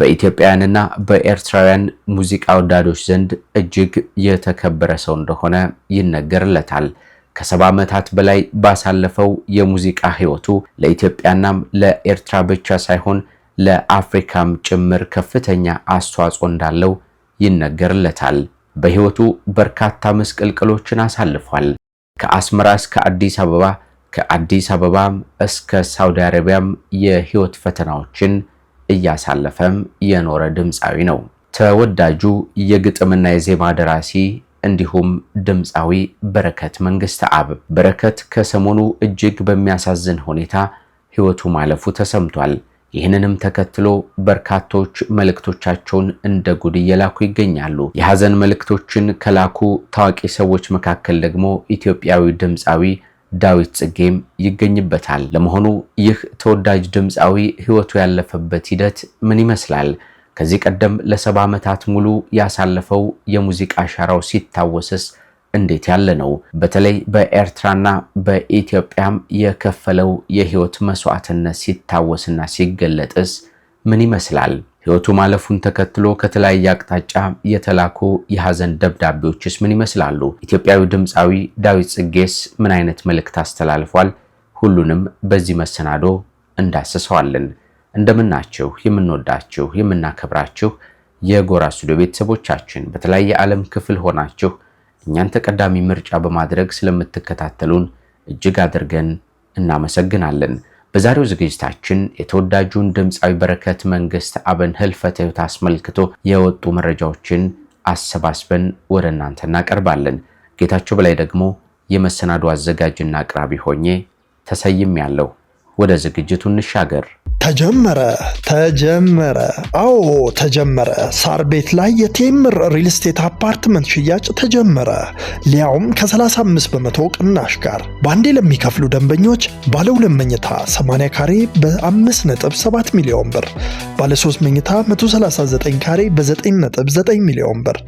በኢትዮጵያውያንና በኤርትራውያን ሙዚቃ ወዳዶች ዘንድ እጅግ የተከበረ ሰው እንደሆነ ይነገርለታል። ከሰባ ዓመታት በላይ ባሳለፈው የሙዚቃ ሕይወቱ ለኢትዮጵያናም ለኤርትራ ብቻ ሳይሆን ለአፍሪካም ጭምር ከፍተኛ አስተዋጽኦ እንዳለው ይነገርለታል። በሕይወቱ በርካታ ምስቅልቅሎችን አሳልፏል። ከአስመራ እስከ አዲስ አበባ ከአዲስ አበባም እስከ ሳውዲ አረቢያም የሕይወት ፈተናዎችን እያሳለፈም የኖረ ድምፃዊ ነው። ተወዳጁ የግጥምና የዜማ ደራሲ እንዲሁም ድምፃዊ በረከት መንግስት አብ በረከት ከሰሞኑ እጅግ በሚያሳዝን ሁኔታ ሕይወቱ ማለፉ ተሰምቷል። ይህንንም ተከትሎ በርካቶች መልእክቶቻቸውን እንደ ጉድ እየላኩ ይገኛሉ። የሐዘን መልእክቶችን ከላኩ ታዋቂ ሰዎች መካከል ደግሞ ኢትዮጵያዊ ድምፃዊ ዳዊት ጽጌም ይገኝበታል። ለመሆኑ ይህ ተወዳጅ ድምፃዊ ሕይወቱ ያለፈበት ሂደት ምን ይመስላል? ከዚህ ቀደም ለሰባ ዓመታት ሙሉ ያሳለፈው የሙዚቃ አሻራው ሲታወስስ እንዴት ያለ ነው? በተለይ በኤርትራና በኢትዮጵያም የከፈለው የሕይወት መስዋዕትነት ሲታወስና ሲገለጥስ ምን ይመስላል? ሕይወቱ ማለፉን ተከትሎ ከተለያየ አቅጣጫ የተላኩ የሐዘን ደብዳቤዎችስ ምን ይመስላሉ? ኢትዮጵያዊ ድምፃዊ ዳዊት ጽጌስ ምን አይነት መልእክት አስተላልፏል? ሁሉንም በዚህ መሰናዶ እንዳስሰዋለን። እንደምናችሁ የምንወዳችሁ የምናከብራችሁ የጎራ ስቱዲዮ ቤተሰቦቻችን በተለያየ ዓለም ክፍል ሆናችሁ እኛን ተቀዳሚ ምርጫ በማድረግ ስለምትከታተሉን እጅግ አድርገን እናመሰግናለን። በዛሬው ዝግጅታችን የተወዳጁን ድምፃዊ በረከት መንግስት አብን ህልፈተ ህይወት አስመልክቶ የወጡ መረጃዎችን አሰባስበን ወደ እናንተ እናቀርባለን። ጌታቸው በላይ ደግሞ የመሰናዶ አዘጋጅና አቅራቢ ሆኜ ተሰይሜያለሁ። ወደ ዝግጅቱ እንሻገር። ተጀመረ ተጀመረ። አዎ ተጀመረ። ሳር ቤት ላይ የቴምር ሪል ስቴት አፓርትመንት ሽያጭ ተጀመረ። ሊያውም ከ35 በመቶ ቅናሽ ጋር በአንዴ ለሚከፍሉ ደንበኞች ባለ ሁለት መኝታ 80 ካሬ በ5.7 ሚሊዮን ብር፣ ባለ 3 መኝታ 139 ካሬ በ9.9 ሚሊዮን ብር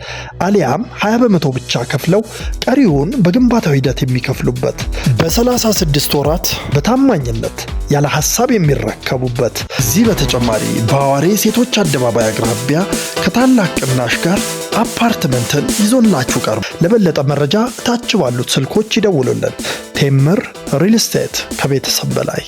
አሊያም 20 በመቶ ብቻ ከፍለው ቀሪውን በግንባታው ሂደት የሚከፍሉበት በ36 ወራት በታማኝነት ያለ ሀሳብ የሚረከቡበት አለበት። እዚህ በተጨማሪ በአዋሬ ሴቶች አደባባይ አቅራቢያ ከታላቅ ቅናሽ ጋር አፓርትመንትን ይዞላችሁ ቀርቡ። ለበለጠ መረጃ ታች ባሉት ስልኮች ይደውሉልን። ቴምር ሪል ስቴት ከቤተሰብ በላይ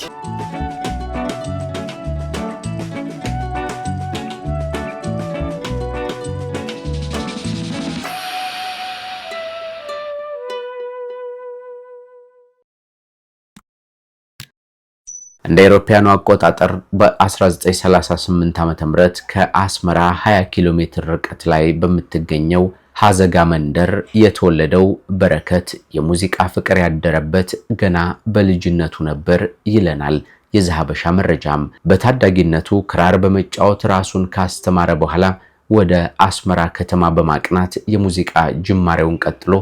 እንደ አውሮፓውያኑ አቆጣጠር በ1938 ዓ.ም ከአስመራ 20 ኪሎ ሜትር ርቀት ላይ በምትገኘው ሀዘጋ መንደር የተወለደው በረከት የሙዚቃ ፍቅር ያደረበት ገና በልጅነቱ ነበር ይለናል የዛሀበሻ መረጃም። በታዳጊነቱ ክራር በመጫወት ራሱን ካስተማረ በኋላ ወደ አስመራ ከተማ በማቅናት የሙዚቃ ጅማሬውን ቀጥሎ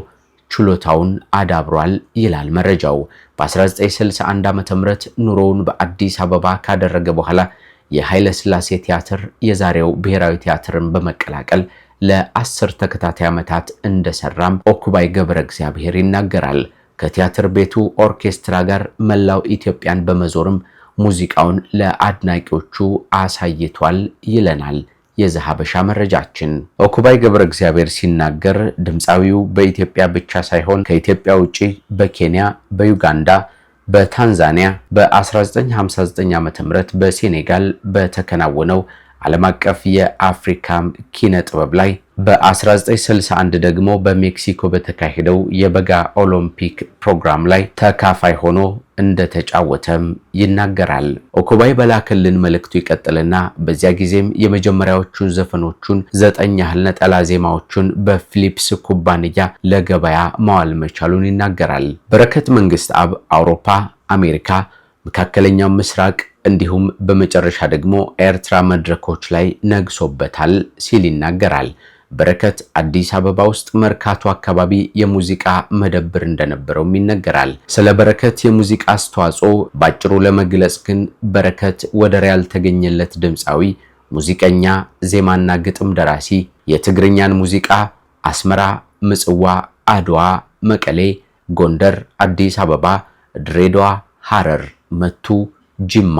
ችሎታውን አዳብሯል ይላል መረጃው። በ1961 ዓ ም ኑሮውን በአዲስ አበባ ካደረገ በኋላ የኃይለ ሥላሴ ቲያትር የዛሬው ብሔራዊ ቲያትርን በመቀላቀል ለአስር ተከታታይ ዓመታት እንደሰራም ኦኩባይ ገብረ እግዚአብሔር ይናገራል። ከቲያትር ቤቱ ኦርኬስትራ ጋር መላው ኢትዮጵያን በመዞርም ሙዚቃውን ለአድናቂዎቹ አሳይቷል ይለናል ሀበሻ መረጃችን ኦኩባይ ገብረ እግዚአብሔር ሲናገር ድምፃዊው በኢትዮጵያ ብቻ ሳይሆን ከኢትዮጵያ ውጪ በኬንያ፣ በዩጋንዳ፣ በታንዛኒያ በ1959 ዓ ም በሴኔጋል በተከናወነው ዓለም አቀፍ የአፍሪካ ኪነ ጥበብ ላይ በ1961 ደግሞ በሜክሲኮ በተካሄደው የበጋ ኦሎምፒክ ፕሮግራም ላይ ተካፋይ ሆኖ እንደተጫወተም ይናገራል። ኦኮባይ በላከልን መልእክቱ ይቀጥልና በዚያ ጊዜም የመጀመሪያዎቹ ዘፈኖቹን ዘጠኝ ያህል ነጠላ ዜማዎቹን በፊሊፕስ ኩባንያ ለገበያ ማዋል መቻሉን ይናገራል። በረከት መንግስት አብ አውሮፓ፣ አሜሪካ፣ መካከለኛው ምስራቅ እንዲሁም በመጨረሻ ደግሞ ኤርትራ መድረኮች ላይ ነግሶበታል ሲል ይናገራል። በረከት አዲስ አበባ ውስጥ መርካቶ አካባቢ የሙዚቃ መደብር እንደነበረውም ይነገራል። ስለ በረከት የሙዚቃ አስተዋጽኦ ባጭሩ ለመግለጽ ግን በረከት ወደር ያልተገኘለት ድምፃዊ፣ ሙዚቀኛ፣ ዜማና ግጥም ደራሲ የትግርኛን ሙዚቃ አስመራ፣ ምጽዋ፣ አድዋ፣ መቀሌ፣ ጎንደር፣ አዲስ አበባ፣ ድሬዳዋ፣ ሐረር፣ መቱ፣ ጅማ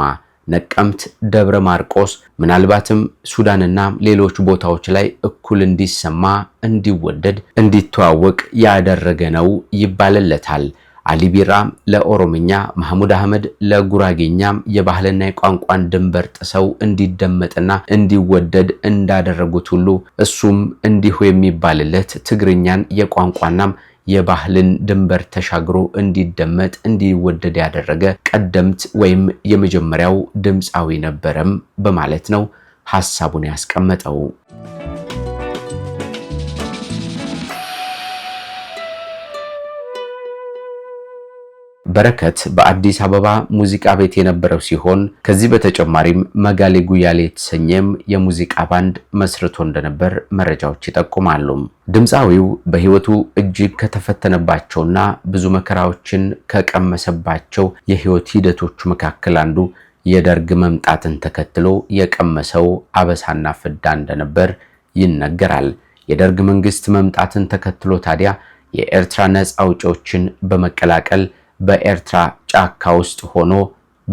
ነቀምት፣ ደብረ ማርቆስ ምናልባትም ሱዳንና ሌሎች ቦታዎች ላይ እኩል እንዲሰማ፣ እንዲወደድ፣ እንዲተዋወቅ ያደረገ ነው ይባልለታል። አሊ ቢራ ለኦሮምኛ፣ ማህሙድ አህመድ ለጉራጌኛም የባህልና የቋንቋን ድንበር ጥሰው እንዲደመጥና እንዲወደድ እንዳደረጉት ሁሉ እሱም እንዲሁ የሚባልለት ትግርኛን የቋንቋናም የባህልን ድንበር ተሻግሮ እንዲደመጥ እንዲወደድ ያደረገ ቀደምት ወይም የመጀመሪያው ድምፃዊ ነበረም በማለት ነው ሐሳቡን ያስቀመጠው። በረከት በአዲስ አበባ ሙዚቃ ቤት የነበረው ሲሆን ከዚህ በተጨማሪም መጋሌ ጉያሌ የተሰኘም የሙዚቃ ባንድ መስርቶ እንደነበር መረጃዎች ይጠቁማሉ። ድምፃዊው በሕይወቱ እጅግ ከተፈተነባቸውና ብዙ መከራዎችን ከቀመሰባቸው የሕይወት ሂደቶቹ መካከል አንዱ የደርግ መምጣትን ተከትሎ የቀመሰው አበሳና ፍዳ እንደነበር ይነገራል። የደርግ መንግስት መምጣትን ተከትሎ ታዲያ የኤርትራ ነፃ አውጪዎችን በመቀላቀል በኤርትራ ጫካ ውስጥ ሆኖ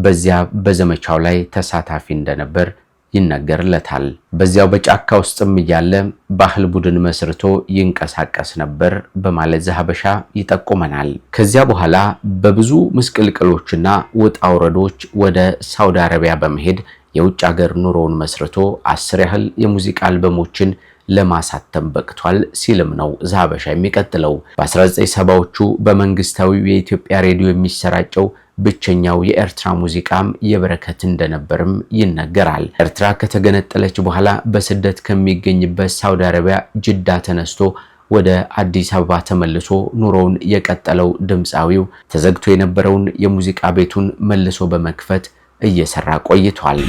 በዚያ በዘመቻው ላይ ተሳታፊ እንደነበር ይነገርለታል። በዚያው በጫካ ውስጥም እያለ ባህል ቡድን መስርቶ ይንቀሳቀስ ነበር በማለት ዘሀበሻ ይጠቁመናል። ከዚያ በኋላ በብዙ ምስቅልቅሎችና ውጣ ውረዶች ወደ ሳውዲ አረቢያ በመሄድ የውጭ ሀገር ኑሮውን መስርቶ አስር ያህል የሙዚቃ አልበሞችን ለማሳተም በቅቷል ሲልም ነው ዛበሻ የሚቀጥለው። በ1970ዎቹ በመንግስታዊው የኢትዮጵያ ሬዲዮ የሚሰራጨው ብቸኛው የኤርትራ ሙዚቃም የበረከት እንደነበርም ይነገራል። ኤርትራ ከተገነጠለች በኋላ በስደት ከሚገኝበት ሳውዲ አረቢያ ጅዳ ተነስቶ ወደ አዲስ አበባ ተመልሶ ኑሮውን የቀጠለው ድምፃዊው ተዘግቶ የነበረውን የሙዚቃ ቤቱን መልሶ በመክፈት እየሰራ ቆይቷል።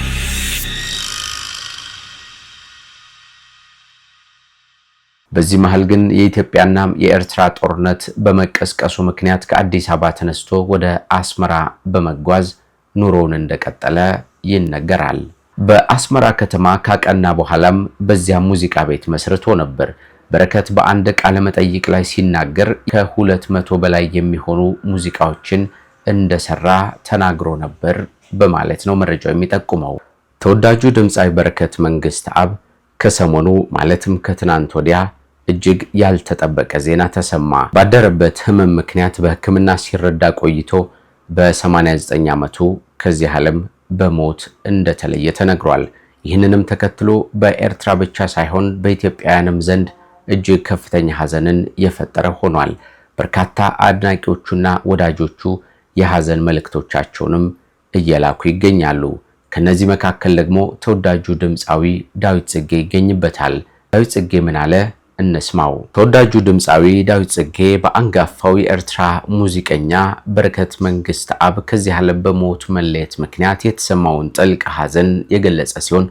በዚህ መሃል ግን የኢትዮጵያና የኤርትራ ጦርነት በመቀስቀሱ ምክንያት ከአዲስ አበባ ተነስቶ ወደ አስመራ በመጓዝ ኑሮውን እንደቀጠለ ይነገራል። በአስመራ ከተማ ካቀና በኋላም በዚያ ሙዚቃ ቤት መስርቶ ነበር። በረከት በአንድ ቃለ መጠይቅ ላይ ሲናገር ከሁለት መቶ በላይ የሚሆኑ ሙዚቃዎችን እንደሰራ ተናግሮ ነበር በማለት ነው መረጃው የሚጠቁመው። ተወዳጁ ድምፃዊ በረከት መንግስት አብ ከሰሞኑ ማለትም ከትናንት ወዲያ እጅግ ያልተጠበቀ ዜና ተሰማ። ባደረበት ህመም ምክንያት በህክምና ሲረዳ ቆይቶ በ89 ዓመቱ ከዚህ ዓለም በሞት እንደተለየ ተነግሯል። ይህንንም ተከትሎ በኤርትራ ብቻ ሳይሆን በኢትዮጵያውያንም ዘንድ እጅግ ከፍተኛ ሐዘንን የፈጠረ ሆኗል። በርካታ አድናቂዎቹና ወዳጆቹ የሐዘን መልእክቶቻቸውንም እየላኩ ይገኛሉ። ከነዚህ መካከል ደግሞ ተወዳጁ ድምፃዊ ዳዊት ጽጌ ይገኝበታል። ዳዊት ጽጌ ምን አለ? እንስማው። ተወዳጁ ድምፃዊ ዳዊት ጽጌ በአንጋፋው የኤርትራ ሙዚቀኛ በረከት አብ ከዚህ ዓለም በሞቱ መለየት ምክንያት የተሰማውን ጥልቅ ሐዘን የገለጸ ሲሆን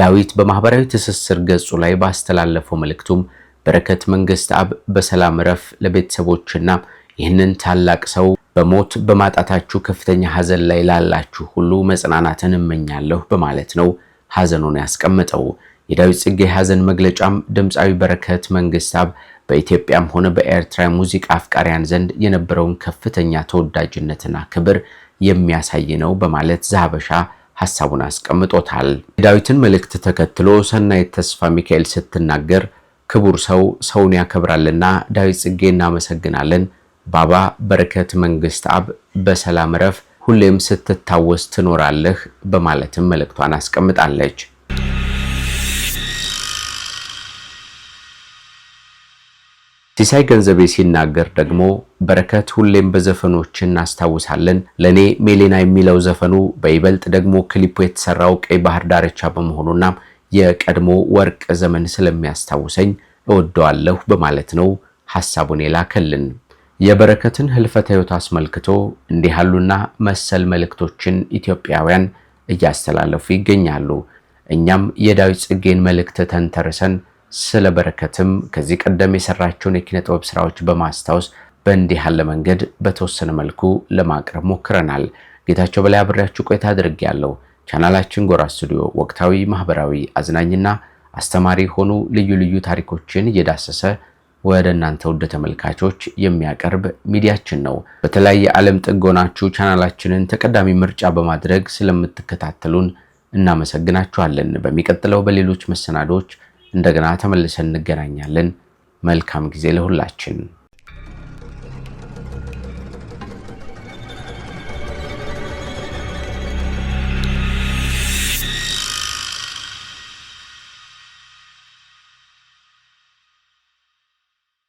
ዳዊት በማህበራዊ ትስስር ገጹ ላይ ባስተላለፈው መልእክቱም በረከት መንግስት አብ በሰላም ረፍ ለቤተሰቦችና ይህንን ታላቅ ሰው በሞት በማጣታችሁ ከፍተኛ ሐዘን ላይ ላላችሁ ሁሉ መጽናናትን እመኛለሁ በማለት ነው ሐዘኑን ያስቀመጠው። የዳዊት ጽጌ የሐዘን መግለጫም ድምፃዊ በረከት መንግስታብ በኢትዮጵያም ሆነ በኤርትራ ሙዚቃ አፍቃሪያን ዘንድ የነበረውን ከፍተኛ ተወዳጅነትና ክብር የሚያሳይ ነው በማለት ዘሐበሻ ሀሳቡን አስቀምጦታል። የዳዊትን መልእክት ተከትሎ ሰናይት ተስፋ ሚካኤል ስትናገር ክቡር ሰው ሰውን ያከብራልና ዳዊት ጽጌ እናመሰግናለን። ባባ በረከት መንግስት አብ በሰላም ረፍ ሁሌም ስትታወስ ትኖራለህ በማለትም መልእክቷን አስቀምጣለች። ሲሳይ ገንዘቤ ሲናገር ደግሞ በረከት ሁሌም በዘፈኖች እናስታውሳለን። ለእኔ ሜሌና የሚለው ዘፈኑ በይበልጥ ደግሞ ክሊፑ የተሰራው ቀይ ባህር ዳርቻ በመሆኑና የቀድሞ ወርቅ ዘመን ስለሚያስታውሰኝ እወደዋለሁ በማለት ነው ሐሳቡን የላከልን። የበረከትን ህልፈተ ህይወት አስመልክቶ እንዲህ ያሉና መሰል መልእክቶችን ኢትዮጵያውያን እያስተላለፉ ይገኛሉ። እኛም የዳዊት ጽጌን መልእክት ተንተርሰን ስለ በረከትም ከዚህ ቀደም የሰራቸውን የኪነ ጥበብ ስራዎች በማስታወስ በእንዲህ ያለ መንገድ በተወሰነ መልኩ ለማቅረብ ሞክረናል። ጌታቸው በላይ አብሬያችሁ ቆይታ ያለው ቻናላችን ጎራ ስቱዲዮ ወቅታዊ፣ ማህበራዊ፣ አዝናኝና አስተማሪ የሆኑ ልዩ ልዩ ታሪኮችን እየዳሰሰ ወደ እናንተ ውድ ተመልካቾች የሚያቀርብ ሚዲያችን ነው። በተለያየ ዓለም ጥግ ሆናችሁ ቻናላችንን ተቀዳሚ ምርጫ በማድረግ ስለምትከታተሉን እናመሰግናችኋለን። በሚቀጥለው በሌሎች መሰናዶች እንደገና ተመልሰን እንገናኛለን። መልካም ጊዜ ለሁላችን።